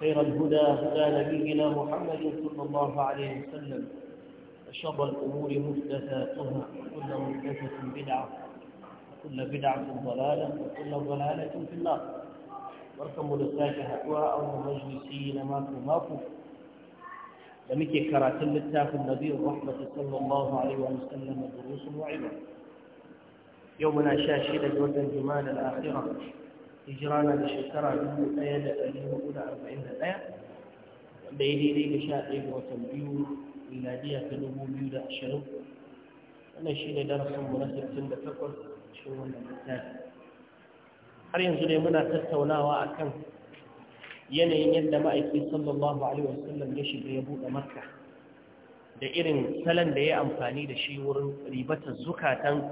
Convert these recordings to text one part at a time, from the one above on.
خير الهدى هدى نبينا محمد صلى الله عليه وسلم وشر الأمور مفتثاتها وكل مفتثة بدعة وكل بدعة ضلالة وكل ضلالة في النار وركم لساك هكوا المجلسين ماكو ماكو تماكوا لمك كرات اللتاف النبي الرحمة صلى الله عليه وسلم دروس وعبر يومنا شاشدة ودن جمال الآخرة hijira na da shekara 1441 wanda ya daidai da sha ɗaya ga watan biyu miladiya ta 2020 wannan shi ne darasinmu na 68 cikin wannan littafi har yanzu dai muna tattaunawa a kan yanayin yadda ma'aiki sallallahu alaihi wasallam ya shiga ya buɗe makka da irin salon da ya amfani da shi wurin ribatar zukatan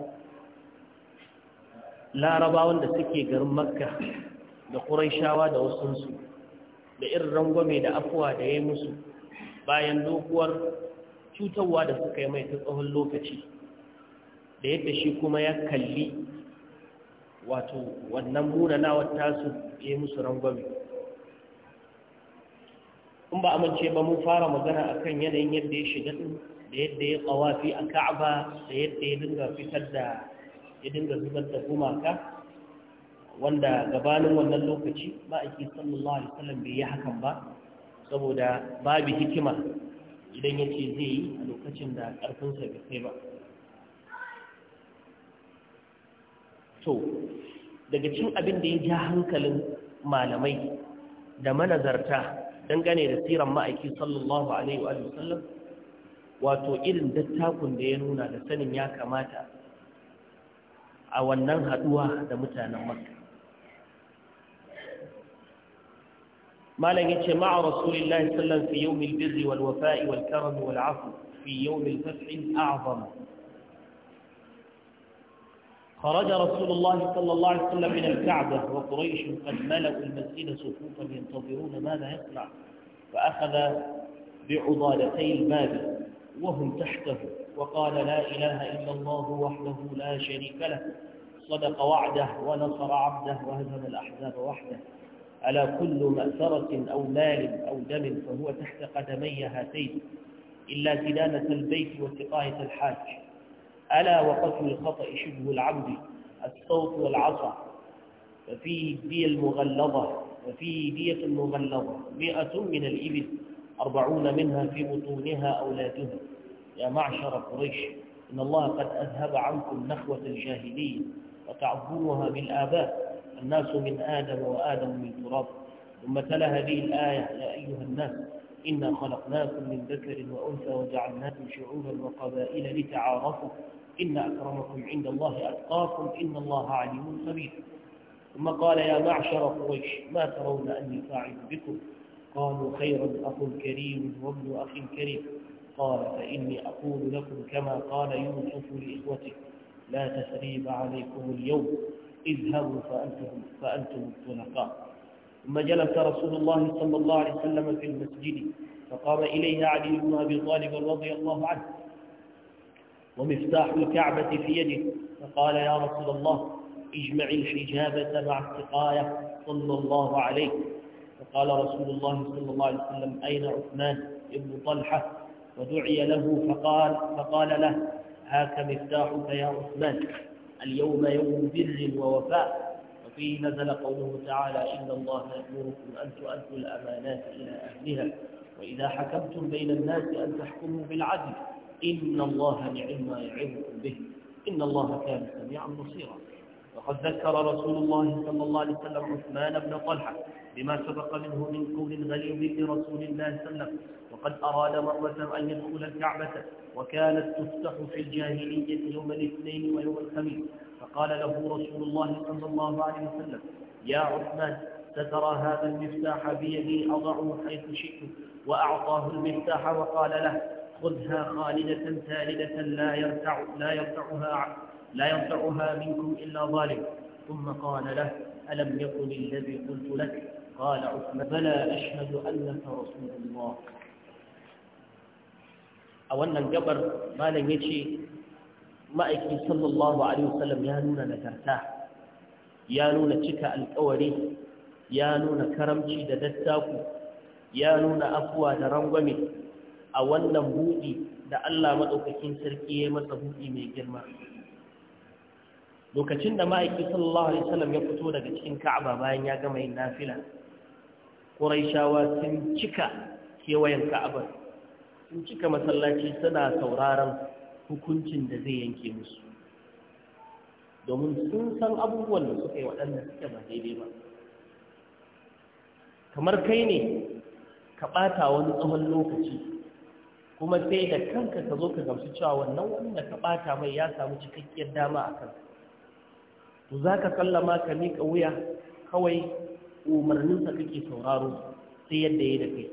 larabawan da suke garin makka da ƙuraishawa da wasunsu da irin rangwame da afuwa da ya musu bayan dokuwar cutarwa da suka yi mai ta tsohon lokaci da yadda shi kuma ya kalli wato wannan munanawar su ya musu rangwame in ba amince ba mun fara magana kan yanayin yadda ya shiga da yadda ya tsawafi a ka'aba da yadda ya dinga fitar da ya dinga zubar da gumaka wanda gabanin wannan lokaci ma'aiki sallallahu alaihi wasallam bai yi hakan ba saboda babu hikima idan ya ce zai yi a lokacin da ƙarfinsa bai kai ba to daga cin abin da ya ja hankalin malamai da manazarta dangane da siran ma'aiki sallallahu alaihi wasallam wato irin dattakun da ya nuna da sanin ya kamata a wannan haɗuwa da mutanen maka malam yace ma'a rasulillahi sallallahu fi yawmil birri wal wafa'i wal karami wal afu fi yawmil fathi a'zam خرج رسول الله صلى الله عليه وسلم من الكعبة وقريش قد ملأوا المسجد صفوفا ينتظرون ماذا يصنع فأخذ بعضالتي الباب وهم تحته وقال لا إله إلا الله وحده لا شريك له صدق وعده ونصر عبده وهزم الأحزاب وحده على كل مأثرة أو مال أو دم فهو تحت قدمي هاتين إلا سدانة البيت وسقاية الحاج ألا وقتل الخطأ شبه العبد الصوت والعصا ففيه الدية المغلظة ففي دية مغلظة مئة من الإبل أربعون منها في بطونها أولادها يا معشر قريش إن الله قد أذهب عنكم نخوة الجاهلية وتعظمها بالآباء الناس من آدم وآدم من تراب ثم تلا هذه الآية يا أيها الناس إنا خلقناكم من ذكر وأنثى وجعلناكم شعوبا وقبائل لتعارفوا إن أكرمكم عند الله أتقاكم إن الله عليم خبير ثم قال يا معشر قريش ما ترون أني فاعل بكم قالوا خيرا أخ كريم وابن أخ كريم قال فإني أقول لكم كما قال يوسف لإخوته لا تثريب عليكم اليوم اذهبوا فأنتم, فأنتم الطلقاء ثم جلس رسول الله صلى الله عليه وسلم في المسجد فقام إليه علي بن أبي طالب رضي الله عنه ومفتاح الكعبة في يده فقال يا رسول الله اجمع الحجابة مع السقاية صلى الله عليه فقال رسول الله صلى الله عليه وسلم أين عثمان ابن طلحة ودعي له فقال فقال له هاك مفتاحك يا عثمان اليوم يوم بر ووفاء وفيه نزل قوله تعالى إن الله يأمركم أن تؤدوا الأمانات إلى أهلها وإذا حكمتم بين الناس أن تحكموا بالعدل إن الله نعم ما يعظكم به إن الله كان سميعا بصيرا وقد ذكر رسول الله صلى الله عليه وسلم عثمان بن طلحة بما سبق منه من قول الغليظ لرسول الله صلى الله عليه وسلم وقد أراد مرة أن يدخل الكعبة وكانت تفتح في الجاهلية يوم الاثنين ويوم الخميس فقال له رسول الله صلى الله عليه وسلم يا عثمان سترى هذا المفتاح بيدي أضعه حيث شئت وأعطاه المفتاح وقال له خذها خالدة ثالدة لا يرتع لا يرتعها لا ينفعها منكم إلا ظالم ثم قال له ألم يكن الذي قلت لك قال عثمان بلى أشهد أنك رسول الله a wannan gabar malam ya ce ma'aiki sallallahu alaihi wasallam ya nuna nagarta ya nuna cika alkawari ya nuna karamci da dattaku ya nuna afuwa da rangwame a wannan buɗi da Allah maɗaukakin sarki ya masa buɗi mai girma lokacin da ma'aiki sallallahu alaihi wasallam ya fito daga cikin ka'aba bayan ya gama yin nafila quraishawa sun cika kewayen ka'aba sun cika masallaci suna sauraron hukuncin da zai yanke musu domin sun san abubuwan da suka yi waɗanda suke ba daidai ba kamar kai ne ka ɓata wani tsawon lokaci kuma sai da kanka ka zo ka gamsu cewa wannan wanda ka ɓata mai ya samu cikakkiyar dama a kanka to za ka sallama ka miƙa wuya kawai umarninsa kake sauraro sai yadda ya da kai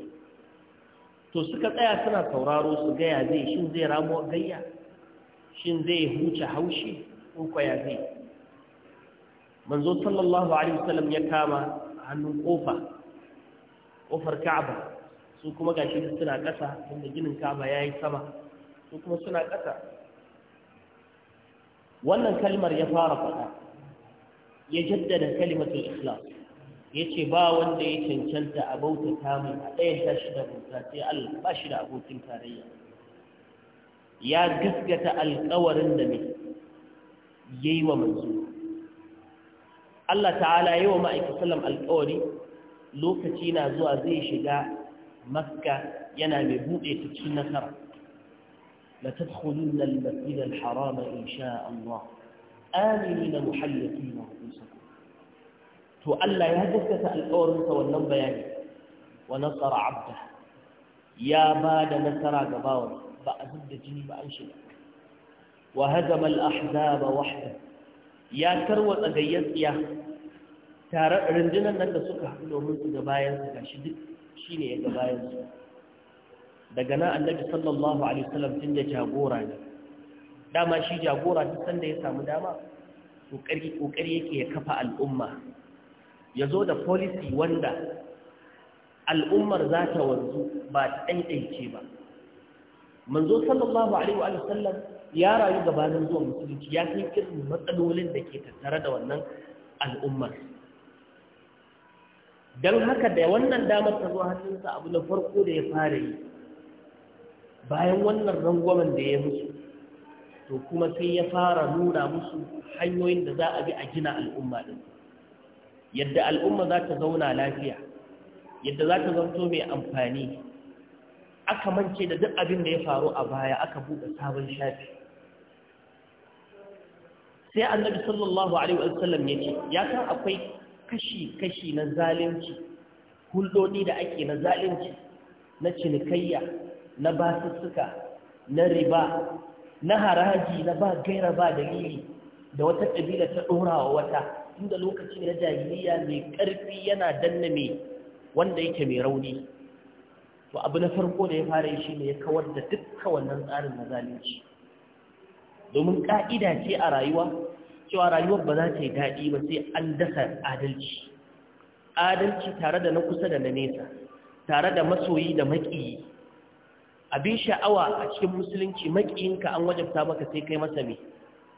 to suka tsaya suna sauraro su gaya zai shin zai ramo gayya shin zai huce haushi ko ya zai manzo sallallahu alaihi wasallam ya kama hannun kofa kofar ka'aba su kuma gashi suna ƙasa inda ginin ka'aba yayi sama su kuma suna ƙasa wannan kalmar ya fara faɗa ya jaddada kalimatul ikhlas yace ba wanda ya cancanta a bauta kamun a ɗayan tashi da bauta sai Allah ba shi da abokin tarayya ya gaskata alƙawarin da mai yayi wa manzo Allah ta'ala yayi wa ma'aikatan alƙawari lokaci na zuwa zai shiga makka yana mai buɗe ta cikin nasara la tadkhulunna al-masjid al in sha Allah آمنين محيطين رؤوسكم تؤلى يهدفك الأورن والنبى يعني ونصر عبده يا باد نصر قباور بأزد جني بأنشد وهزم الأحزاب وحده يا كروة أغيث يا ترى رنجنا نجد سكة حقل ومنت قباير سكة شدك شيني يا قباير دقنا النبي صلى الله عليه وسلم تنجا جابورا يعني. dama shi jagora duk sanda ya samu dama kokari yake ya kafa al'umma ya zo da policy wanda al'ummar za ta wanzu ba ta ɗaiɗaice ba manzo sallallahu alaihi wa sallam ya rayu gabanin zuwa musulunci ya kai irin matsalolin da ke tattare da wannan al'ummar don haka da wannan damar ta zo hannunsa abu na farko da ya fara yi bayan wannan rangwamen da ya musu to kuma sai ya fara nuna musu hanyoyin da za a bi a gina al'umma din yadda al'umma za ta zauna lafiya yadda za ta zanto mai amfani aka mance da duk abin da ya faru a baya aka buɗe sabon shafi sai annabi sallallahu alaihi wasallam ya ce ya san akwai kashi-kashi na zalunci hulɗoɗi da ake na zalunci na cinikayya na basussuka na riba na haraji na ba gaira ba dalili da wata ƙabila ta ɗorawa wata inda lokaci na jahiliya mai ƙarfi yana danna mai wanda yake mai rauni to abu na farko da ya fara yi shine ya kawar da dukkan wannan tsarin na zalunci domin ƙa'ida ce a rayuwa cewa rayuwar ba za ta yi daɗi ba sai an dasa adalci adalci tare da na kusa da na nesa tare da masoyi da maƙiyi abin sha'awa a cikin musulunci makiyinka an wajabta maka sai kai masa mai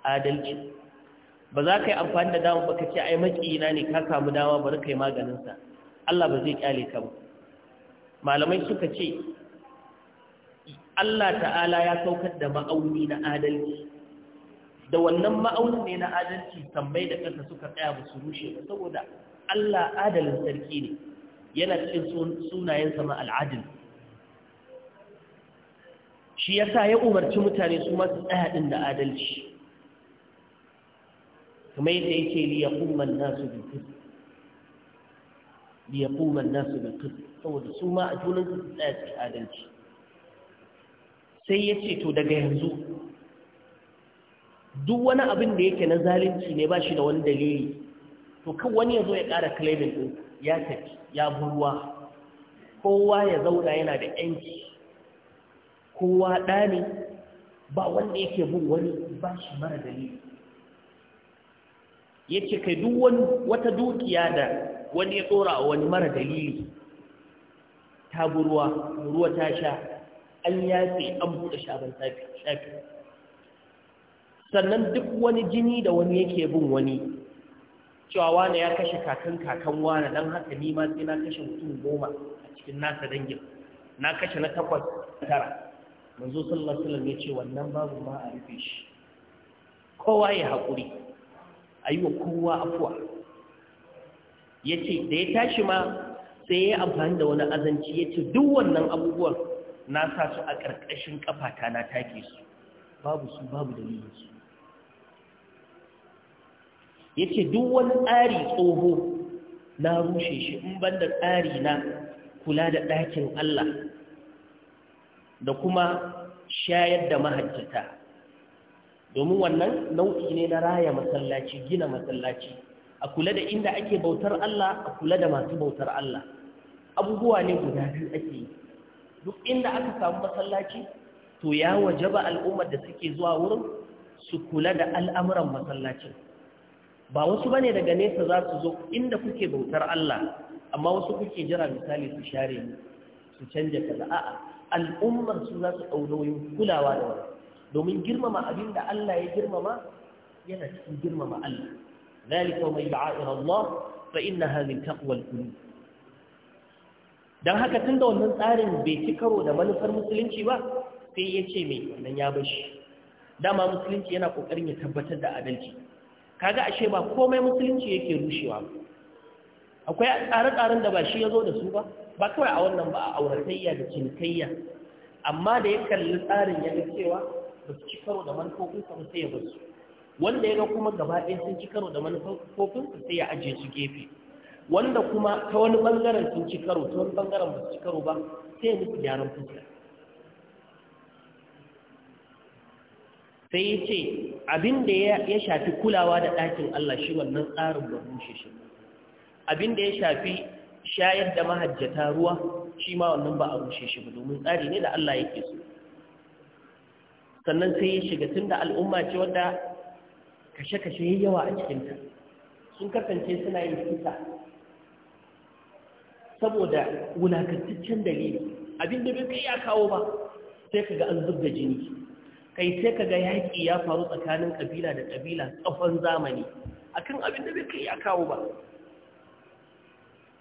adalci ba za ka yi amfani da dama baka ce ai makiyina ne ka samu dama bari kai maganinsa Allah ba zai kyale ka ba malamai suka ce Allah ta'ala ya saukar da ma'auni na adalci da wannan ma'auni ne na adalci tambayi da ƙasa suka tsaya ba su rushe ba saboda Allah adalin sarki ne yana cikin sunayensa ma al'adil shi ya sa ya umarci mutane su masu tsaya din da adalci kuma yadda yake li yaquma nasu da kudu liyakuman nasu da kudu saboda su ma a tunan su tsaya su adalci sai ya ce to daga yanzu duk wani abin da yake na zalunci ne ba shi da wani dalili to kan wani ya zo ya ƙara claiming ya tafi ya buruwa kowa ya zauna yana da ‘yanci kowa ɗa ne ba wanda yake bin wani ba shi mara dalili ya ce kai duk wani wata dukiya da wani ya tsora a wani mara dalili ta burwa, ruwa ta sha an yafe an buɗe shaban shafi sannan duk wani jini da wani yake bin wani cewa wane ya kashe kakan kakan wane don haka nima sai na kashe mutum goma a cikin nasa dangin na kashe na takwas tara manzo sallallahu alaihi wasallam yace wannan babu ma a rufe shi kowa ya hakuri ayyuka kowa afwa yace da ya tashi ma sai ya amfani da wani azanci yace duk wannan abubuwan na sa su a ƙarƙashin kafata na take su babu su babu dalilin su yace duk wani tsari tsoho na rushe shi in banda tsari na kula da ɗakin Allah da kuma shayar da mahajjata domin wannan nau'i ne na raya masallaci gina masallaci a kula da inda ake bautar Allah a kula da masu bautar Allah abubuwa ne guda biyu ake yi duk inda aka samu masallaci to ya wajaba al'ummar da suke zuwa wurin su kula da al'amuran masallacin ba wasu bane daga nesa za su zo inda kuke bautar Allah amma wasu kuke jira misali su share mu su canja kaza a'a al'ummar su za su kulawa da wani domin girmama abin da Allah ya girmama yana cikin girmama Allah zalika mai ba'a'ir Allah fa innaha min taqwal qulub dan haka tun da wannan tsarin bai ci karo da manufar musulunci ba sai ya ce mai wannan ya bashi dama musulunci yana kokarin ya tabbatar da adalci kaga ashe ba komai musulunci yake rushewa ba akwai tsare-tsaren da ba shi ya zo da su ba ba kawai a wannan ba a auratayya da cinikayya amma da ya kalli tsarin ya cewa ba su ci karo da manufofinsa ba sai ya basu. wanda ya ga kuma gaba ɗaya sun ci karo da manufofinsa sai ya ajiye su gefe wanda kuma ta wani ɓangaren sun ci karo ta wani ɓangaren ba su ci karo ba sai ya nufi gyaran fuska sai ya ce abin ya shafi kulawa da ɗakin Allah shi wannan tsarin ba rushe shi abin da ya shafi shayar da mahajjata ruwa shi ma wannan ba a rushe shi ba domin tsari ne da Allah yake so sannan sai ya shiga tun da al'umma ce wadda kashe-kashe ya yawa a cikinta sun kasance suna yin kisa saboda wulakantaccen dalili abin da bai kai ya kawo ba sai ka ga an zubda jini kai sai ka ga yaƙi ya faru tsakanin ƙabila da ƙabila tsawon zamani akan abin da bai kai ya kawo ba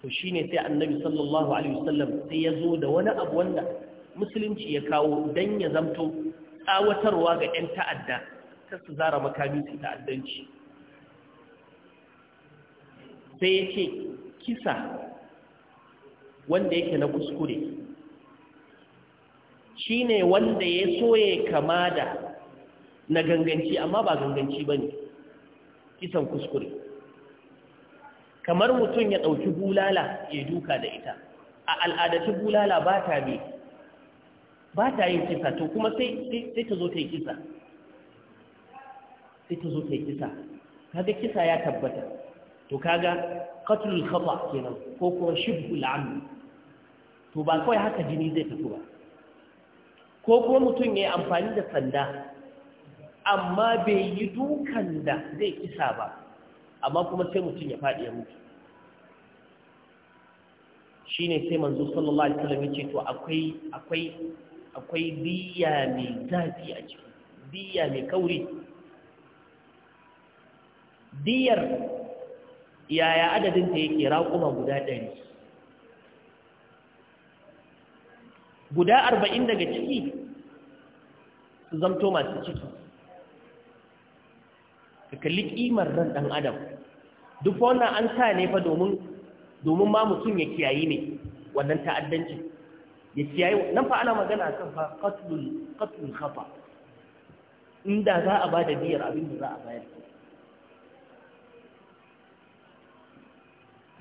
to ne sai annabi sallallahu alaihi wasallam sai ya zo da wani abu wanda musulunci ya kawo dan ya zamto tsawatarwa ga 'yan ta'adda ta su zara makami su ta'addanci sai ya ce kisa wanda yake na kuskure shi ne wanda ya soye kama da na ganganci amma ba ganganci ba ne kisan kuskure kamar mutum ya ɗauki bulala ya duka da ita a al'adaci bulala ba ta bi ba ta yin kisa to kuma sai ta zo ta yi kisa sai ta zo ta yi kisa kaga kisa ya tabbata to kaga katul khata kenan ko kuma shibhul amd to ba kawai haka jini zai fito ba ko kuma mutum ya yi amfani da sanda amma bai yi dukan da zai kisa ba amma kuma sai mutum ya faɗi ya mutu Shi ne sai manzo sallallahu alaihi wasallam ce to akwai akwai akwai diya mai zafi a ciki diya mai kauri diyar yaya adadin ta yake raƙuma guda ɗari guda arba'in daga ciki su zamto masu ciki ka kalli ƙimar ran ɗan adam duk wannan an sa ne fa domin domin ma mutum ya kiyayi ne wannan ta'addanci ya kiyayi nan fa ana magana kan fa qatlul qatlul khata inda za a bada biyar abin da za a bayar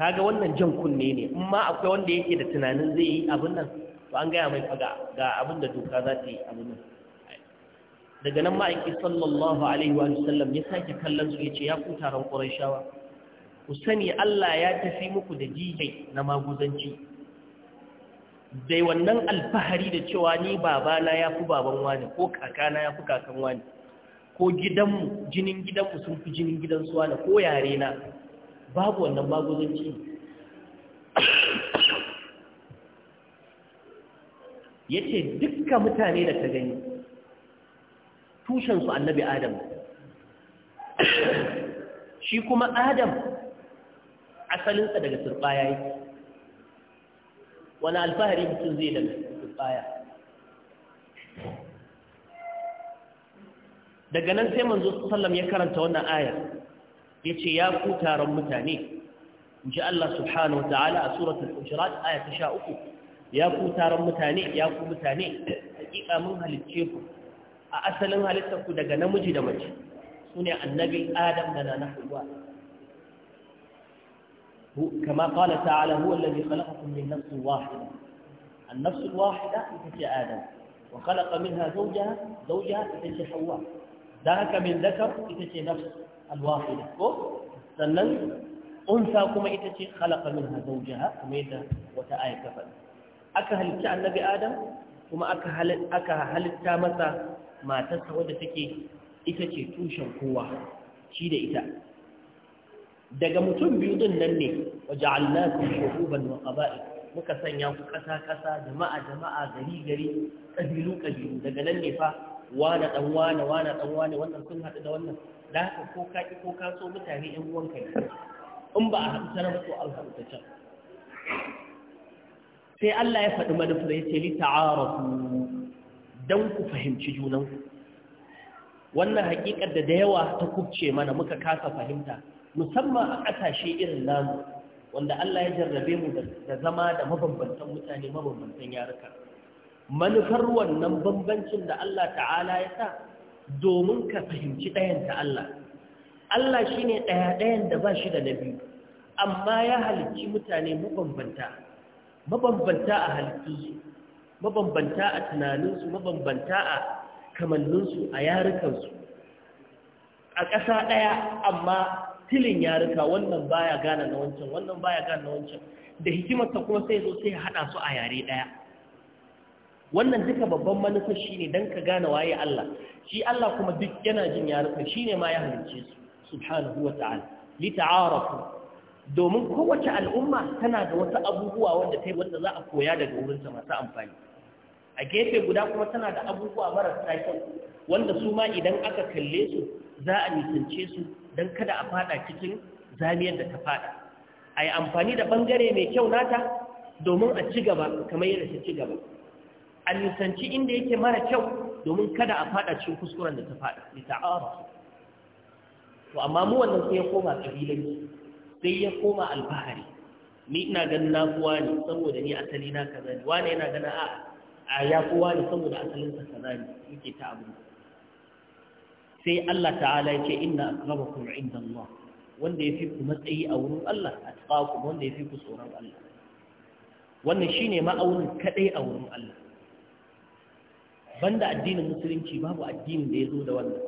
kaga wannan jan kunne ne in ma akwai wanda yake da tunanin zai yi abin nan to an gaya mai faga ga abin da doka za ta yi abin nan daga nan ma'aiki sallallahu alaihi wa sallam ya sake kallon su ya ce ya ku taron ƙurashawa ku sani Allah ya tafi muku da Jihai na maguzanci dai wannan alfahari da cewa ni babana ya fi baban wani ko kakana ya fi kakan wani ko gidanmu jinin gidanmu sun fi jinin gidansu wani ko yare na babu wannan maguzanci ya ce dukkan mutane da ta gani tushensu annabi adam shi kuma adam asalinsa daga turbaya yake wani alfahari mutum zai daga turbaya daga nan sai manzo sallam ya karanta wannan ayar ya ce ya ku taron mutane in ji Allah subhanahu wa ta'ala a suratul hujurat aya ta sha uku ya ku taron mutane ya ku mutane hakika mun halicce ku a asalin halittar ku daga namiji da mace sune annabi adam da na كما قال تعالى هو الذي خلقكم من نفس واحدة النفس الواحدة تتي آدم وخلق منها زوجها زوجها تتي حواء ذاك من ذكر تتي نفس الواحدة سنن أنثى كما تتي خلق منها زوجها كما يدى وتآية كفل أكهل تعالى النبي آدم كما أكهل أكهل التامسة ما تسهد تكي ita ce tushen kowa shi da ita daga mutum biyu din nan ne waje allakum shuhuban wa qaba'i muka sanya ku kasa kasa jama'a jama'a gari gari kabilu kabilu daga nan ne fa wani dan wani wani dan wani wannan sun hadu da wannan da haka ko ka ki ko ka so mutane ɗin uwan kai in ba a haɗu ta nan to an haɗu ta can sai Allah ya faɗi manufar ya ce li ta'arafu dan ku fahimci junanku wannan hakikar da da yawa ta kubce mana muka kasa fahimta musamman a ƙasashe irin namu wanda Allah ya jarrabe mu da zama da mabambantan mutane mabambantan yaruka manufar wannan bambancin da Allah ta'ala ya sa domin ka fahimci ɗayan ta Allah Allah shi ne ɗaya-ɗayan da ba shi da na biyu amma ya halicci mutane mabambanta mabambanta a halittu mabambanta a tunaninsu mabambanta a kamanninsu a yarukansu a ƙasa ɗaya amma tilin yaruka wannan baya gane na wancan wannan baya gane na wancan da hikimarsa kuma sai zo sai haɗa su a yare ɗaya wannan duka babban manufar shi ne don ka gane waye Allah shi Allah kuma duk yana jin yaruka shi ne ma ya halicce su subhanahu wa ta'ala li ta'arafu domin kowace al'umma tana da wasu abubuwa wanda ta wanda za a koya daga wurin sa masu amfani a gefe guda kuma tana da abubuwa marasa kyau wanda su ma idan aka kalle su za a nisance su don kada a fada cikin zamiyar da ta fada a yi amfani da ɓangare mai kyau nata domin a ci gaba kamar yadda ta ci gaba a nisanci inda yake mara kyau domin kada a fada cikin kuskuren da ta fada lita'ara to amma mu wannan sai ya koma kabilanci sai ya koma alfahari ni ina ganin na kuwa ne saboda ni asali na kaza ne wani yana ganin a ya kuwa ne saboda asalinsa kaza ne yake ta abu sai Allah ta'ala ya ce inna akrabakum inda Allah wanda ya fi ku matsayi a wurin Allah a tsaku wanda ya fi ku tsoron Allah wannan shi ne ma'aunin kaɗai a wurin Allah banda addinin musulunci babu addinin da ya zo da wannan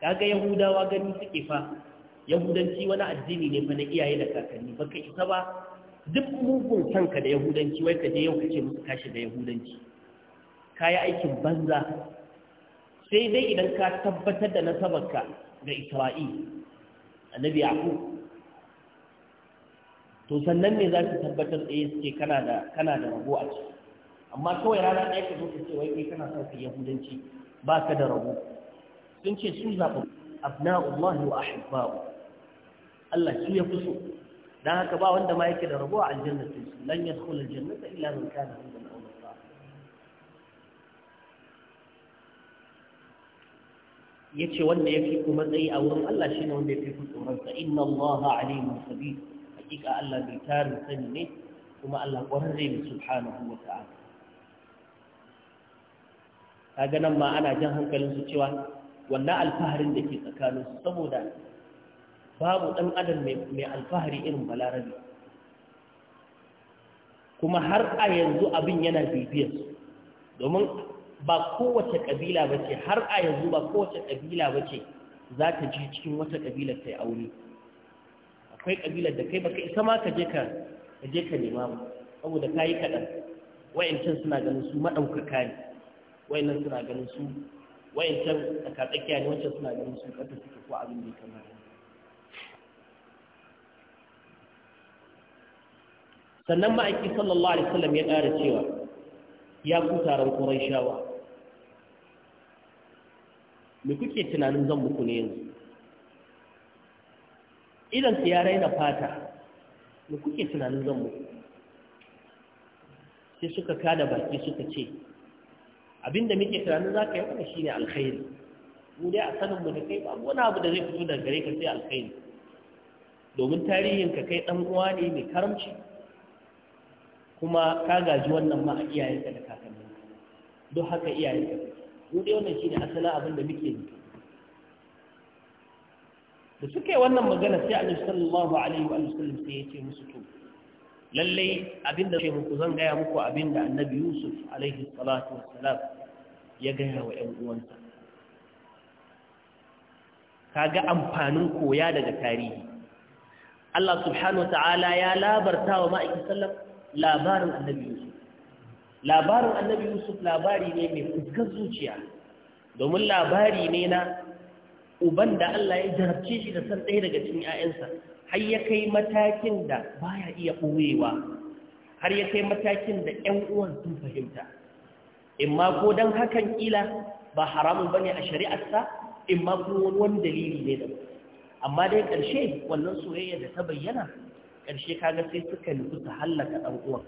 kaga yahudawa gani suke fa yahudanci wani addini ne fa na iyaye da kakanni baka isa ba duk mugun kanka da yahudanci wai ka je yau ka ce musu kashi da yahudanci kayi aikin banza sai dai idan ka tabbatar da nasabarka ga isra'i annabi yaqub to sannan ne za su tabbatar ya suke kana da da rabo a ciki amma kawai rana ɗaya ka zo ka ce wai kai kana son ka yahudanci ba ka da rabo sun ce sun zaɓa abna'ullahi wa ahibba'u Allah su ya fi so dan haka ba wanda ma yake da rabo a aljanna sai su lan yadkhul aljannata illa man kana ya ce wanda ya fi ku matsayi a wurin Allah shi ne wanda ya fi fi tsoronsa inna Allah alimun sabi hakika Allah bai tarin sani ne kuma Allah ƙwararre ne subhanahu wa ta'ala ta ganin ma ana jan hankalinsu cewa wannan alfaharin da ke tsakaninsu saboda babu ɗan adam mai alfahari irin balarabe kuma har a yanzu abin yana bibiyarsu domin ba kowace ƙabila ba ce har a yanzu ba kowace ƙabila ba ce za ta ji cikin wata ƙabilar ta yi aure akwai ƙabilar da kai ba kai, ma ka je ka je ka nema ba saboda ka yi kaɗan wa'yancan suna ganin su maɗaukaka ne wa'yannan suna ganin su wa'yancan tsakatsakiya ne wancan suna ganin su ƙasa suke ko abin da ya kamata sannan ma'aiki sallallahu alaihi wasallam ya ƙara cewa ya ku taron shawa. me kuke tunanin zan muku ne yanzu idan su ya raina fata me kuke tunanin zan muku sai suka kada baki suka ce abinda muke tunanin za ka yi shi ne alkhairi mu dai a sanin mu da kai ba wani abu da zai fito daga gare ka sai alkhairi domin tarihin ka kai dan uwa ne mai karamci kuma ka gaji wannan ma a iyayenka da kakanninka don haka iyayenka mu dai wannan shine asalin abin da muke yi da suke wannan magana sai Annabi sallallahu alaihi wa sallam sai ya ce musu to Lallai abin da sai muku zan gaya muku abin da Annabi Yusuf alaihi salatu wassalam ya gaya wa ƴan uwansa ga amfanin koya daga tarihi Allah subhanahu wa ta'ala ya labarta wa ma'aikin labarin Annabi Yusuf labarin annabi yusuf labari ne mai fuskar zuciya domin labari ne na uban da Allah ya jarabce shi da san ɗaya daga cikin 'ya'yansa har ya kai matakin da baya iya ɓoyewa har ya kai matakin da 'yan uwan sun fahimta imma ko don hakan ƙila ba haramun ba ne a shari'arsa imma ko wani dalili ne da amma dai ƙarshe wannan soyayya da ta bayyana ƙarshe kaga sai suka nufi su hallaka ɗan uwan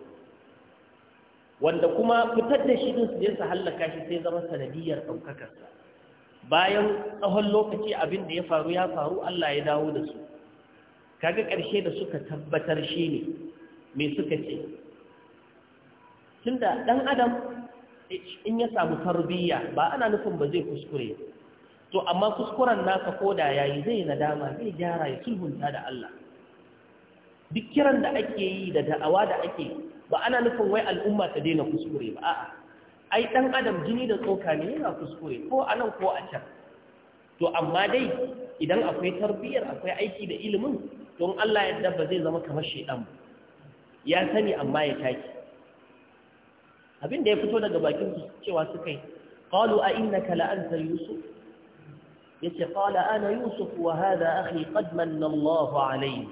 wanda kuma fitar da shi din su je su hallaka shi sai zama sanadiyar ɗaukakarsa bayan tsawon lokaci abin da ya faru ya faru Allah ya dawo da su kaga ƙarshe da suka tabbatar shi ne me suka ce tunda ɗan adam in ya samu tarbiyya ba ana nufin ba zai kuskure to amma kuskuren naka ko da yayi zai nadama zai gyara ya sulhunta da Allah duk kiran da ake yi da da'awa da ake ba ana nufin wai al'umma ta daina kuskure ba a'a ai dan adam jini da tsoka ne yana kuskure ko a nan ko a can to amma dai idan akwai tarbiyyar akwai aiki da ilimin don Allah yadda ba zai zama kamar shedan ya sani amma ya taki abin da ya fito daga bakin su cewa su kai qalu a innaka la anta yusuf yace qala ana yusuf wa hadha akhi qad manna Allahu alayhi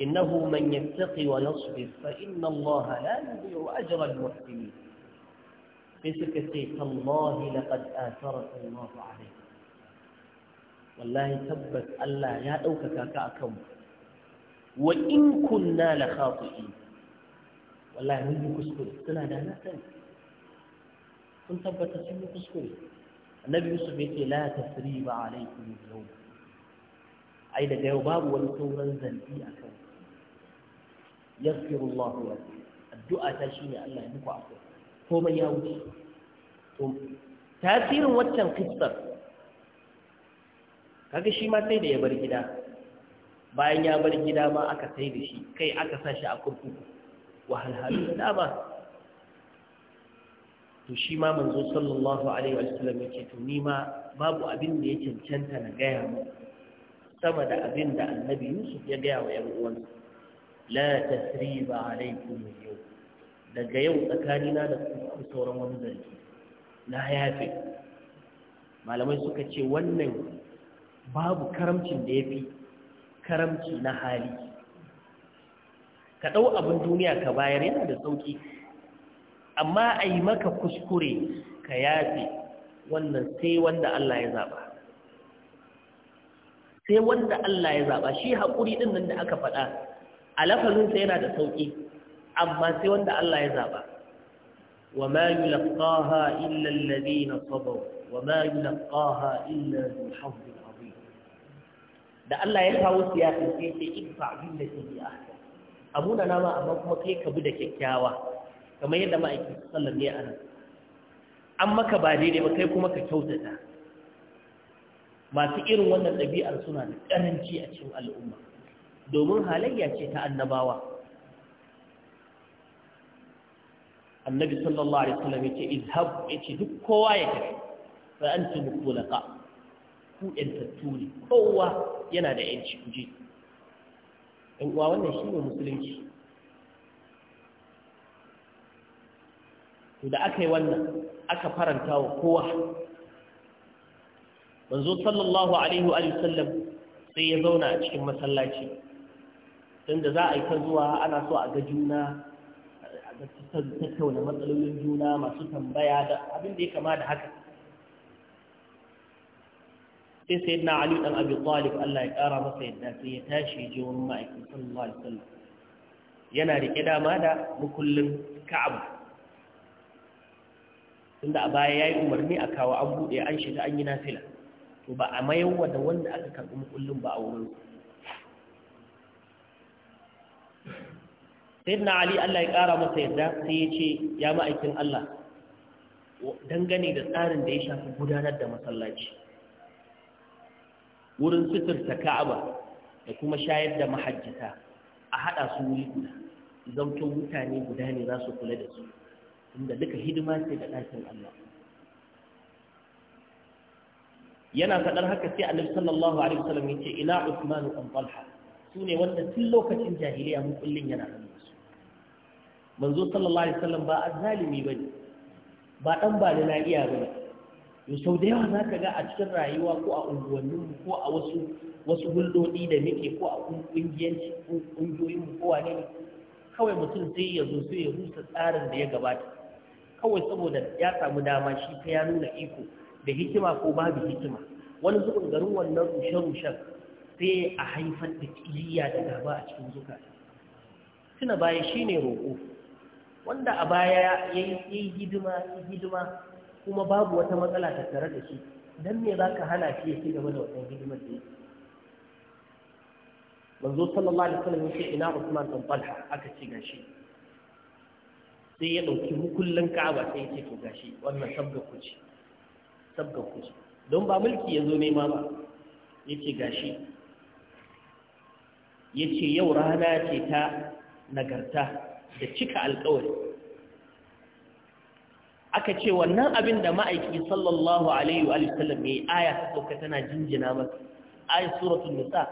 إنه من يتقي ويصبر فإن الله لا يضيع أجر المحسنين فسكتي الله لقد آثرك الله عليك والله ثبت ألا يا أوكك كاكاكم وإن كنا لخاطئين والله من كسكري سنة لا تنسى كن ثبت سنة كسكري النبي يوسف يقول لا تسريب عليكم اليوم أي daga yau babu wani sauran zargi yaghfirullahu lakum addu'a ta shi ne Allah ya muku afuwa komai ya wuce to tasirin waccan kissar kaga shi ma sai da ya bar gida bayan ya bar gida ma aka sai da shi kai aka sa shi a kurkuku wahalhalu da dama to shi ma manzo sallallahu alaihi wa sallam yake to ni ma babu abin da ya cancanta na gaya mu sama da abin da annabi Yusuf ya gaya wa ƴan uwansa la tasriba alaikum yau daga yau tsakanina da ku sauran wani zargi na yafe malamai suka ce wannan babu karamcin da ya fi karamci na hali ka ɗau abin duniya ka bayar yana da sauƙi amma a yi maka kuskure ka yafe wannan sai wanda Allah ya zaɓa sai wanda Allah ya zaɓa shi haƙuri ɗin nan da aka faɗa a lafazinsa yana da sauƙi amma sai wanda Allah ya zaɓa wa ma yulqaha illa alladhina sabaru wa ma yulqaha illa dhu hazzin azim da Allah ya kawo siyasa sai ce idfa bil lati bi ahsan abuna nama amma kuma kai ka bi da kyakkyawa kamar yadda ma'aikin sallallahu alaihi wasallam an maka ba daidai ba kai kuma ka kyautata masu irin wannan ɗabi'ar suna da ƙaranci a cikin al'umma domin halayya ce ta annabawa annabi sallallahu alaihi wasallam yace izhab yace duk kowa ya tafi fa antum khulaqa ku ɗan tattuli kowa yana da yanci kuje in uwa wannan shine musulunci to da aka yi wannan aka faranta wa kowa manzo sallallahu alaihi wa sallam sai ya zauna a cikin masallaci inda za a yi ta zuwa ana so a ga juna a tattauna matsalolin juna masu tambaya da abin da ya kama da haka sai sai na ali dan abi talib Allah ya kara masa yadda sai ya tashi ya je wurin ma'aikin sallallahu alaihi wasallam yana rike ma da mukullin ka'aba tunda a baya ya yi umarni a kawo an buɗe an shiga an yi nafila to ba a mayar da wanda aka karbi mukullin ba a wurin Sai na ali Allah ya ƙara masa yadda sai ya ce ya ma'aikin Allah dangane da tsarin da ya shafi gudanar da masallaci wurin suturta ka'aba da kuma shayar da mahajjata a haɗa su wuri guda zamto mutane guda ne za su kula da su inda duka hidima ce da ɗakin Allah yana faɗar haka sai annabi sallallahu alaihi wasallam yace ila Uthman ibn Talha sune wanda tun lokacin jahiliya mun kullun yana manzo sallallahu alaihi wasallam ba azzalimi bane ba dan ba da iya bane to sau da yawa zaka ga a cikin rayuwa ko a unguwanni ko a wasu wasu huldodi da muke ko a kungiyanci kungiyoyin ko wane kawai mutum sai ya zo sai ya rusa tsarin da ya gabata kawai saboda ya samu dama shi ta ya nuna iko da hikima ko babu hikima wani zubin garin wannan rushe-rushen sai a haifar da kiriya da gaba a cikin zukata tuna baya shi ne roƙo wanda a baya ya yi hidima yi hidima kuma babu wata matsala tare da shi don me za ka hana shi ya ci gaba da wannan hidimar da yake manzo sallallahu alaihi wasallam ce ina Usman bin Talha aka ci gashi sai ya dauki mukullin Ka'aba sai ce to gashi wannan sabga ku ce sabga don ba mulki ya zo nema ba yace gashi yace yau rana ce ta nagarta da cika alƙawari aka ce wannan abin da ma'aiki sallallahu alaihi wa sallam ya yi aya ta sauka tana jinjina masu aya suratun nisa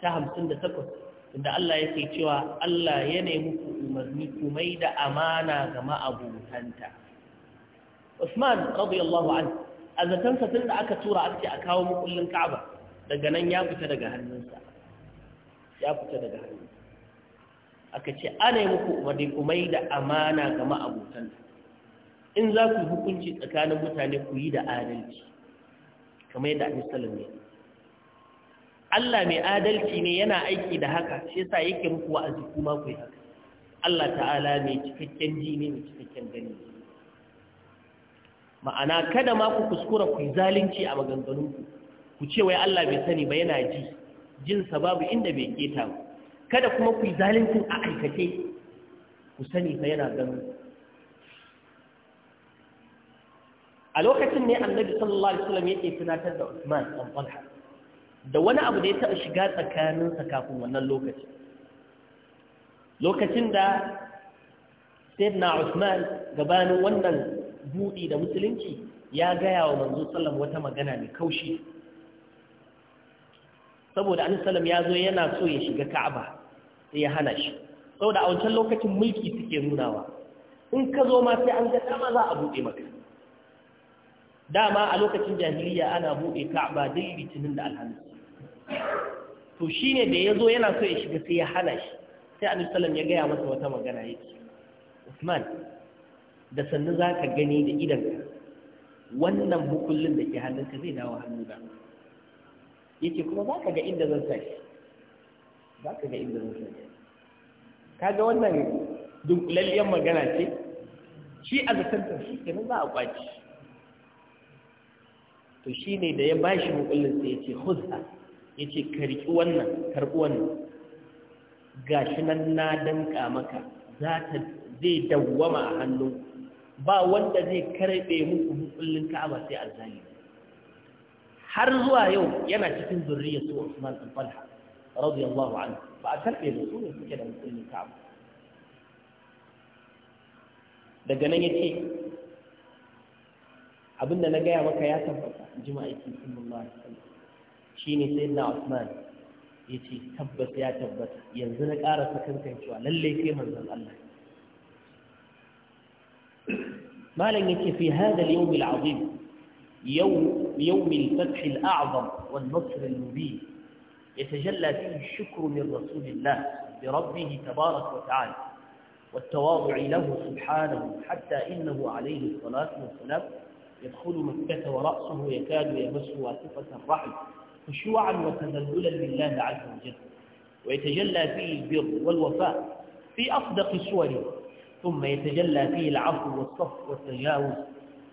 ta hamsin da takwas inda Allah ya ke cewa Allah ya nemi ku umarni ku mai da amana ga ma'abutanta Usman radiyallahu an a zaton tun da aka tura aka a kawo makullin Ka'aba daga nan ya fita daga hannunsa ya fita daga hannunsa aka ce ana yi muku umarni kuma yi da amana ga ma'abotan in za ku hukunci tsakanin mutane ku yi da adalci kamar yadda abin salam ne Allah mai adalci ne yana aiki da haka shi yasa yake muku wa'azi kuma ku yi haka Allah ta'ala mai cikakken ji ne mai cikakken gani ma'ana kada ma ku kuskura ku yi zalunci a maganganunku ku ce wai Allah bai sani ba yana ji jinsa babu inda bai keta ba kada kuma ku yi zalincin a aikace ku sani fa yana gano a lokacin ne annabi sallallahu alaihi wasallam yake tunatar da Usman dan Talha da wani abu da ya taɓa shiga tsakaninsa kafin wannan lokacin lokacin da sayyidina Usman gabanin wannan buɗi da musulunci ya gaya wa manzo sallam wata magana mai kaushi saboda annabi Salam ya zo yana so ya shiga ka'aba sai ya hana shi saboda a wancan lokacin mulki suke nunawa in ka zo ma sai an ga dama za a buɗe maka dama a lokacin jahiliya ana buɗe ka'aba duk litinin da alhamis to shine da ya zo yana so ya shiga sai ya hana shi sai annabi Salam ya gaya masa wata magana yake Usman da sannu za ka gani da idanka wannan mukullin da ke hannunka zai dawo hannu da yace kuma za ka ga inda zan sa shi za ka ga inda zan sa shi kaga wannan dunkulalliyar magana ce shi a zakantar shi nan za a kwaci to shi ne da ya ba shi mukullin sai ya ce huzza ya ce karki wannan karɓi wannan shi nan na danka maka za ta zai dawwama a hannu ba wanda zai karɓe muku mukullin ka'aba sai azzalimi har zuwa yau yana cikin zurriya su Usman bin Talha radiyallahu anhu ba a karbe da su ne suke da musulmi ka ba daga nan yace abinda na gaya maka ya tabbata ji ma'aikin sallallahu alaihi wasallam shine sayyidina Usman yace tabbata ya tabbata yanzu na ƙara sakankan cewa lalle kai manzon Allah malam yace fi hada al-yawm azim يوم, يوم الفتح الأعظم والنصر المبين يتجلى فيه الشكر من رسول الله بربه تبارك وتعالى والتواضع له سبحانه حتى إنه عليه الصلاة والسلام يدخل مكة ورأسه يكاد يمس واسفة الرحم خشوعا وتذللا لله عز وجل ويتجلى فيه البر والوفاء في أصدق صوره ثم يتجلى فيه العفو والصف والتجاوز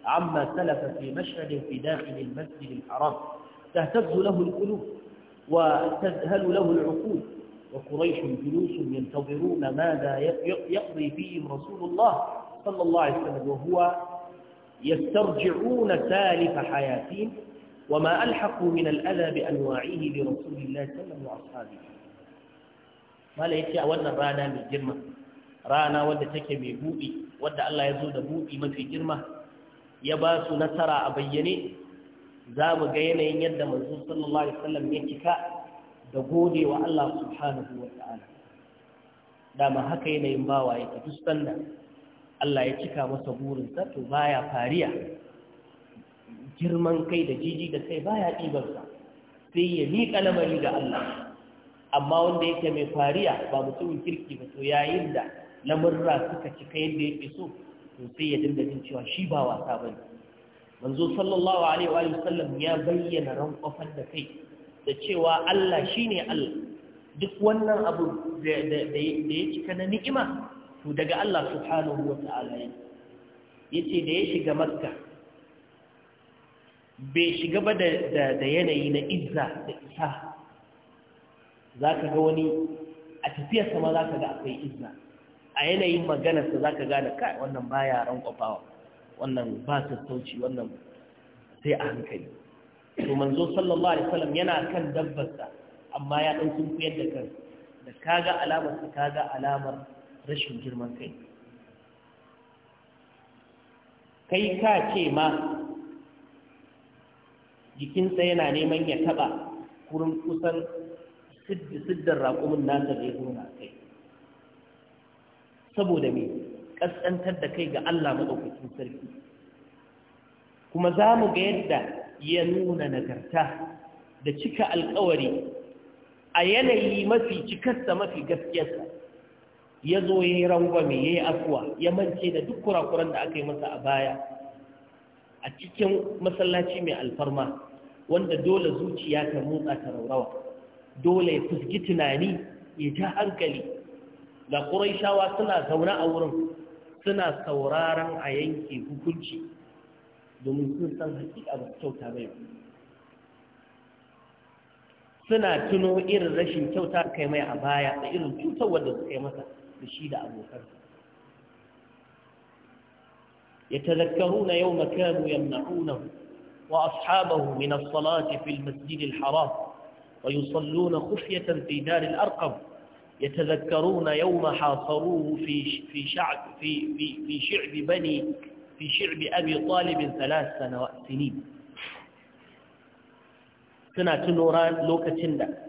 عما سلف في مشهد في داخل المسجد الحرام تهتز له القلوب وتذهل له العقول وقريش جلوس ينتظرون ماذا يقضي فيهم رسول الله صلى الله عليه وسلم وهو يسترجعون سالف حياتهم وما ألحقوا من الأذى بأنواعه لرسول الله صلى الله عليه وسلم وأصحابه ما لا يتي أولا رانا من جرمة رانا ودى تكي بوئي ودى الله يزود بوئي من في جرمة ya ba su nasara a bayyane za mu ga yanayin yadda manzo sallallahu alaihi wasallam ya cika da gode wa Allah subhanahu wa ta'ala dama haka yanayin bawa yake duk sanda Allah ya cika masa burinsa to baya fariya girman kai da jiji da kai baya sa, sai ya miƙa lamari ga Allah amma wanda yake mai fariya ba mutumin kirki ba to yayin da lamurra suka cika yadda yake so to sai ya dinga jin cewa shi ba wasa ba ne manzo sallallahu alaihi wa sallam ya bayyana rankwafan da kai da cewa Allah shi ne Allah duk wannan abu da ya cika na ni'ima to daga Allah subhanahu wa ta'ala ya ce da ya shiga makka bai shiga ba da yanayi na izza da isa za ka ga wani a tafiyarsa ma za ka ga akwai izza a yanayin maganarsa za ka gane kai wannan ba yaran kwafawa wannan ba sassauci wannan sai a hankali to manzo sallallahu alaihi wasallam yana kan dabbarsa amma ya dan sunkuyar da kan da kaga alamar sa kaga alamar rashin girman kai kai ka ce ma jikinsa yana neman ya taba kurin kusan siddin raƙumin nasa da ya zo na kai saboda mai ƙasƙantar da kai ga Allah maɗaukacin sarki kuma za mu ga yadda ya nuna nagarta da cika alkawari a yanayi mafi cikarsa mafi gaskiyarsa ya zo ya yi rangwame ya yi afuwa ya mance da duk kurakuran da aka yi masa a baya a cikin masallaci mai alfarma wanda dole zuciya ta motsa ta raurawa dole ya fuski tunani ya ta hankali da quraishawa suna zauna a wurin suna sauraron a yanke hukunci domin sun san hakika ba su kyauta bai suna tuno irin rashin kyauta kai mai a baya da irin cutar wanda suka yi masa da shi da abokan ya tazakkaru na yau makaru yamna'unahu وأصحابه من الصلاة في المسجد الحرام ويصلون خفية في دار الأرقم يتذكرون يوم حاصروه في في شعب في في في شعب بني في شعب أبي طالب ثلاث سنوات سنين سنة تنوران لوكتين دا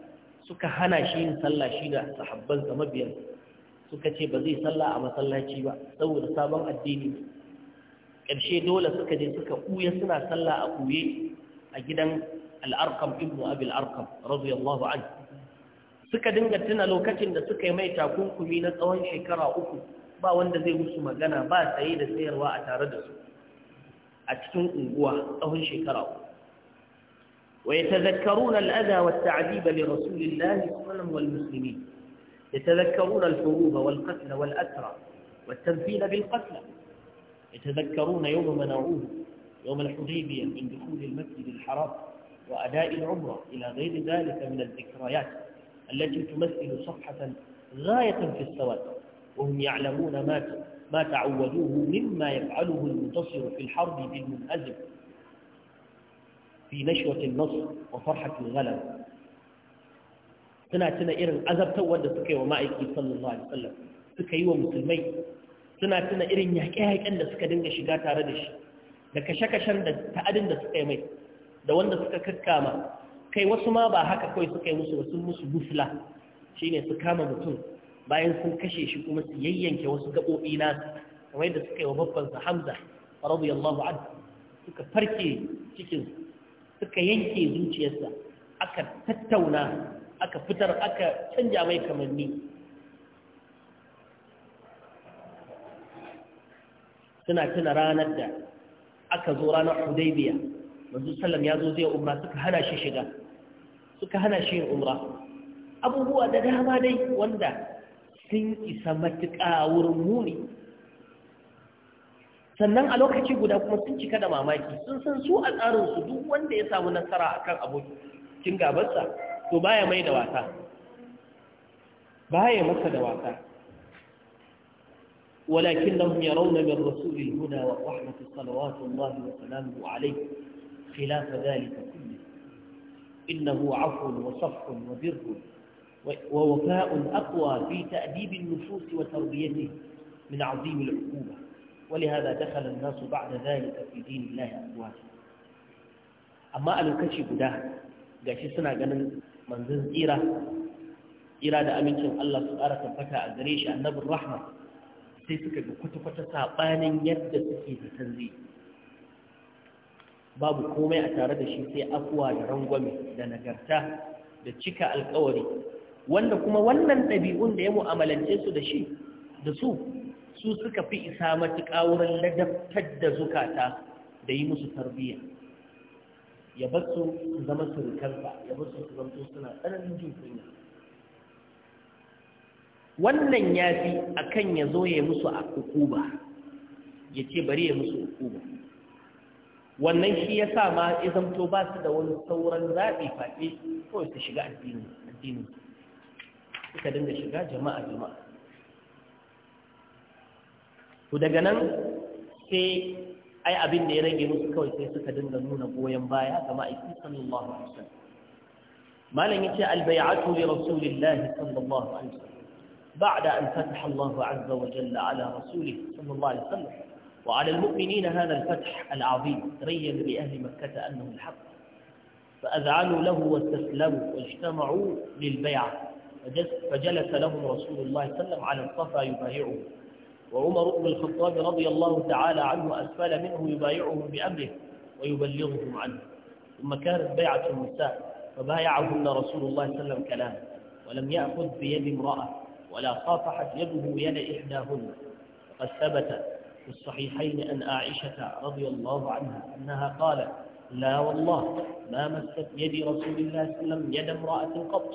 suka hana shi yin sallah shi da sahabbansa mabiyan suka ce ba zai sallah a masallaci ba saboda sabon addini ƙarshe dole suka je suka ɓuya suna sallah a ɓuye a gidan al'arkam ibnu abil arkam radiyallahu anhu suka dinga tuna lokacin da suka yi mai takunkumi na tsawon shekara uku ba wanda zai musu magana ba saye da sayarwa a tare da su a cikin unguwa tsawon shekara uku wa yatazakkarun al'adha wa ta'dib li rasulillahi sallallahu alaihi wal muslimin yatazakkarun al-hurub wal qatl wal asra wa at-tamthil bil qatl يتذكرون يوم منعوه يوم الحديبية من دخول المسجد الحرام وأداء العمرة إلى غير ذلك من الذكريات التي تمثل صفحة غاية في السواد وهم يعلمون ما ما تعودوه مما يفعله المنتصر في الحرب بالمنهزم في نشوة النصر وفرحة الغلب سنة سنة إرن أذب تود تكي وما إكي صلى الله عليه وسلم تكي ومسلمي سنة سنة إرن يحكيهك أن سكدنك شكاتا ردش لك شكشن تأدن ميت دوان سككك كاما kai wasu ma ba haka kawai suka yi musu wasu musu shi ne su kama mutum bayan sun kashe shi kuma su yayyanke wasu gaɓoɓi nasu kamar yadda suka yi wa babbansa hamza radiyallahu anhu suka farke cikin suka yanke zuciyarsa aka tattauna aka fitar aka canja mai kamanni suna tuna ranar da aka zo ranar hudaybiya manzo sallam ya zo zai umra suka hana shi shiga suka hana shi yin umra abubuwa da dama dai wanda sun isa matuƙa wurin muni sannan a lokaci guda kuma sun cika da mamaki sun san su a tsarinsu duk wanda ya samu nasara a kan abokin gabarsa to baya mai da wasa baya masa da wasa ولكنهم يرون من رسول الهدى ورحمة صلوات wa وسلامه عليه خلاف ذلك إنه عفو وصفح وبر ووفاء أقوى في تأديب النفوس وتربيته من عظيم العقوبة ولهذا دخل الناس بعد ذلك في دين الله أفواه أما ألو كشي ده قاشي سنة قنن منزل إيرا إيرا دا أمينكم الله سؤالة فتا أدريش النبو الرحمة سيسك بكتو فتا سابانين يدد في تنزيل babu komai a tare da shi sai afuwa da rangwame da nagarta da cika alkawari wanda kuma wannan ɗabi'un da ya mu'amalance su da shi da su su suka fi isa matuƙa wurin ladabtar da zukata da yi musu tarbiyya ya bar su zama surukansa ya bar su su suna tsananin jin kunya wannan ya fi a kan ya zo ya musu a hukuba ya ce bari ya musu hukuba wannan shi ya sa ma ya zamto ba su da wani sauran zaɓi faɗi ko su shiga addini suka dinga shiga jama'a jama'a to daga nan sai ai abin da ya rage musu kawai sai suka dinga nuna goyon baya ga ma'aikin sallallahu alaihi wasallam malam yace albay'atu li rasulillahi sallallahu alaihi wasallam ba'da an fataha Allah azza wa jalla ala rasulihi sallallahu alaihi wasallam وعلى المؤمنين هذا الفتح العظيم تبين لأهل مكة أنه الحق فأذعنوا له واستسلموا واجتمعوا للبيعة فجلس لهم رسول الله صلى الله عليه وسلم على الصفا يبايعه وعمر بن الخطاب رضي الله تعالى عنه أسفل منه يبايعهم بأمره ويبلغهم عنه ثم كانت بيعة النساء فبايعهن رسول الله صلى الله عليه وسلم كلامه ولم يأخذ بيد امرأة ولا صافحت يده يد إحداهن فقد ثبت في الصحيحين أن عائشة رضي الله عنها أنها قالت لا والله ما مست يد رسول الله صلى الله عليه وسلم يد امرأة قط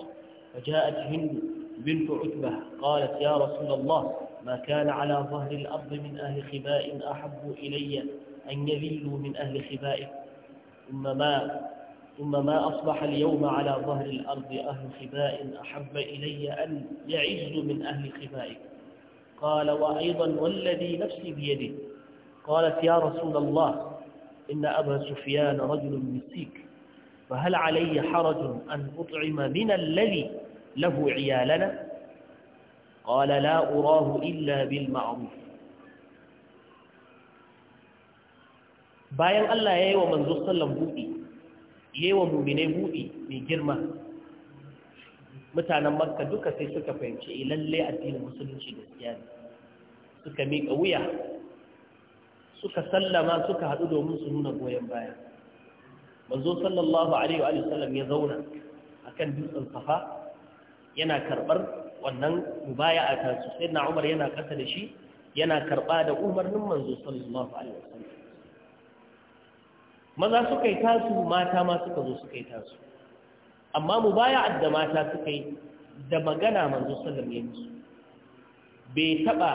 فجاءت هند بنت عتبة قالت يا رسول الله ما كان على ظهر الأرض من أهل خباء أحب إلي أن يذلوا من أهل خبائك ثم ما, ثم ما أصبح اليوم على ظهر الأرض أهل خباء أحب إلي أن يعزوا من أهل خبائك قال وأيضا والذي نفسي بيده قالت يا رسول الله إن أبا سفيان رجل مسيك فهل علي حرج أن أطعم من الذي له عيالنا قال لا أراه إلا بالمعروف bayan Allah ya yi صلى الله عليه وسلم ya yi wa muminai buɗi mai girma mutanen makka duka sai suka fahimci eh, lallai addinin musulunci da ne suka miƙa wuya suka sallama suka haɗu domin su nuna goyon baya manzo sallallahu alaihi wa sallam ya zauna akan dutsen safa yana karɓar wannan mubaya'a ta su sai na umar yana ƙasa da shi yana karɓa da umarnin manzo sallallahu alaihi wa sallam maza suka yi tasu mata ma suka zo suka yi tasu amma mu baya adda mata suka yi da magana manzo sallam ya musu bai taba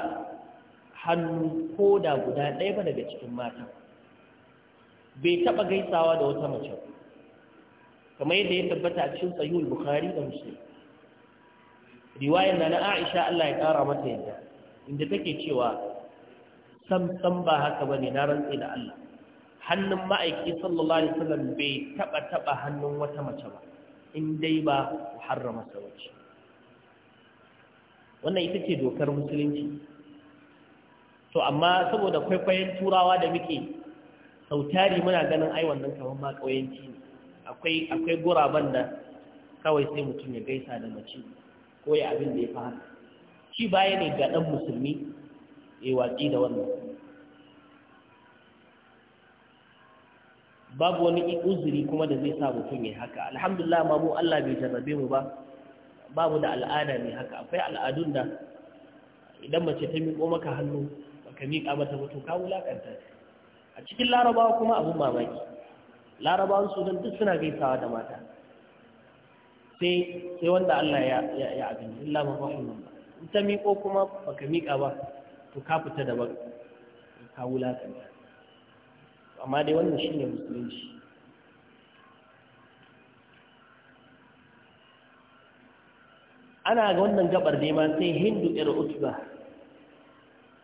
hannu ko da guda ɗaya ba daga cikin mata bai taba gaisawa da wata mace kamar yadda ya tabbata a cikin sahihul bukhari da muslim riwayar na na aisha Allah ya kara mata yadda inda take cewa sam sam ba haka bane na rantsi da Allah hannun ma'aiki sallallahu alaihi wasallam bai taba taba hannun wata mace ba in dai ba ku harrama sauci wannan ita ce dokar musulunci to amma saboda kwaikwayon turawa da muke sautari muna ganin ai wannan kamar ma ƙauyenci ne akwai akwai guraben da kawai sai mutum ya gaisa da mace ko ya abin da ya fi shi baya ne ga ɗan musulmi ya watsi da wannan babu wani uzuri kuma da zai sa mutum ya haka alhamdulillah ma mu Allah bai jarrabe mu ba babu da al'ada ne haka akwai al'adun da idan mace ta miƙo maka hannu baka miƙa mata mutum ka wulaƙanta a cikin larabawa kuma abun mamaki larabawan su dan duk suna gaisawa da mata sai sai wanda Allah ya ya abin Allah ma fahimun ba ta miƙo kuma baka miƙa ba to ka fita daban ka wulaƙanta amma dai wannan shine musulunci ana ga wannan gabar dai ma sai hindu irin utba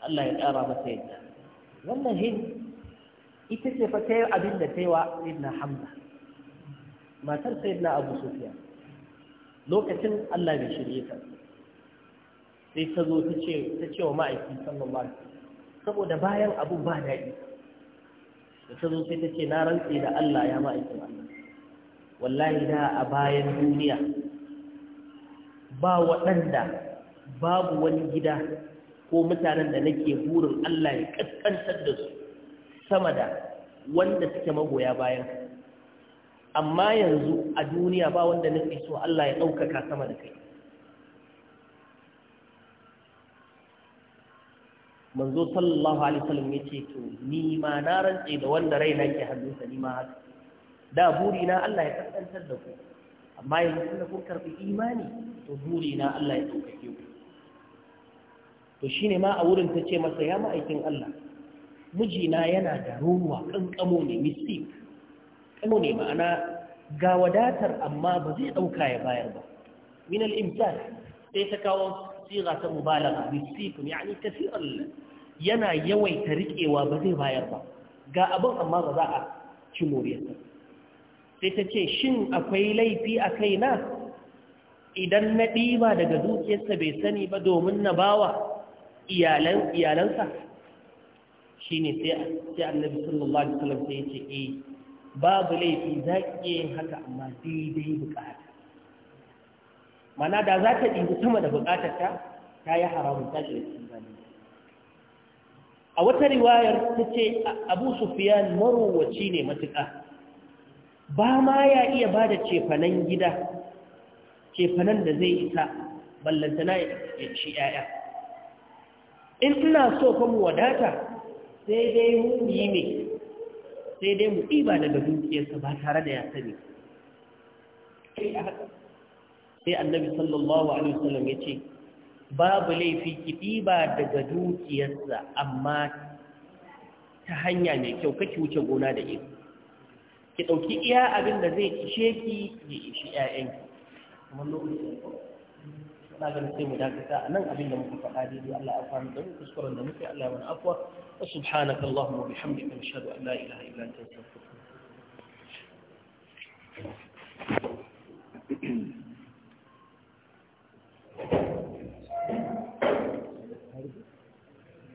Allah ya ƙara masa yadda wannan hindu ita ce fa ta yi abin da ta yi wa sayyidina hamza matar sayyidina abu sufiya lokacin Allah bai shirye ta sai ta zo ta ce wa ma'aiki sallallahu alaihi saboda bayan abu ba daɗi da ta zo sai ta ce na rantse da Allah ya ma'aikin Allah wallahi da a bayan duniya ba waɗanda babu wani gida ko mutanen da nake burin Allah ya ƙasƙantar da su sama da wanda suke magoya bayan amma yanzu a duniya ba wanda nake so Allah ya ɗaukaka sama da kai manzo sallallahu alaihi wasallam yace to ni ma na rantse da wanda raina ke hannunsa ni ma haka da burina Allah ya kaskantar da ku amma yanzu tunda kun karbi imani to burina Allah ya tsokake ku to shine ma a wurin ta ce masa ya ma'aikin Allah mijina yana da ruwa kankamo ne mistik kamo ne ma'ana ga wadatar amma ba zai dauka ya bayar ba min al-imsal sai ta kawo siga ta mubalagha mistik yani kathir yana yawaita riƙewa ba zai bayar ba ga abin amma ba za a ci moriyarsa sai ta ce shin akwai laifi a kaina idan na ɗiba daga dukiyarsa bai sani ba domin na bawa iyalansa shi ne sai annabi sallallahu alaihi wasallam sai ya ce eh babu laifi za ki yin haka amma daidai bukata mana da za ta ɗibi sama da bukatarta ta yi haramun tashi da cikin a wata riwayar ta ce abu sufiyan marowaci ne matuƙa ba ma ya iya ba da cefanen gida cefanen da zai isa ballantana ya ci ‘ya'ya in suna so mu wadata sai dai mu yi ne sai dai mu ɗiba daga dukiyarsa ba tare da ya sani sai annabi sallallahu alaihi wasallam ya ce babu laifi ki ba daga dukiyarsa amma ta hanya mai kyau kake wuce gona da iri ki ɗauki iya abin da zai ishe ki ya ishi ‘ya'yanki kuma lokaci na ganin sai mu dakata a nan abin da muka faɗa daidai Allah amfani da mu kuskuren da muke Allah wani afuwa wa subhanaka Allahumma bihamdika nashhadu an la ilaha illa anta astaghfiruka Thank you.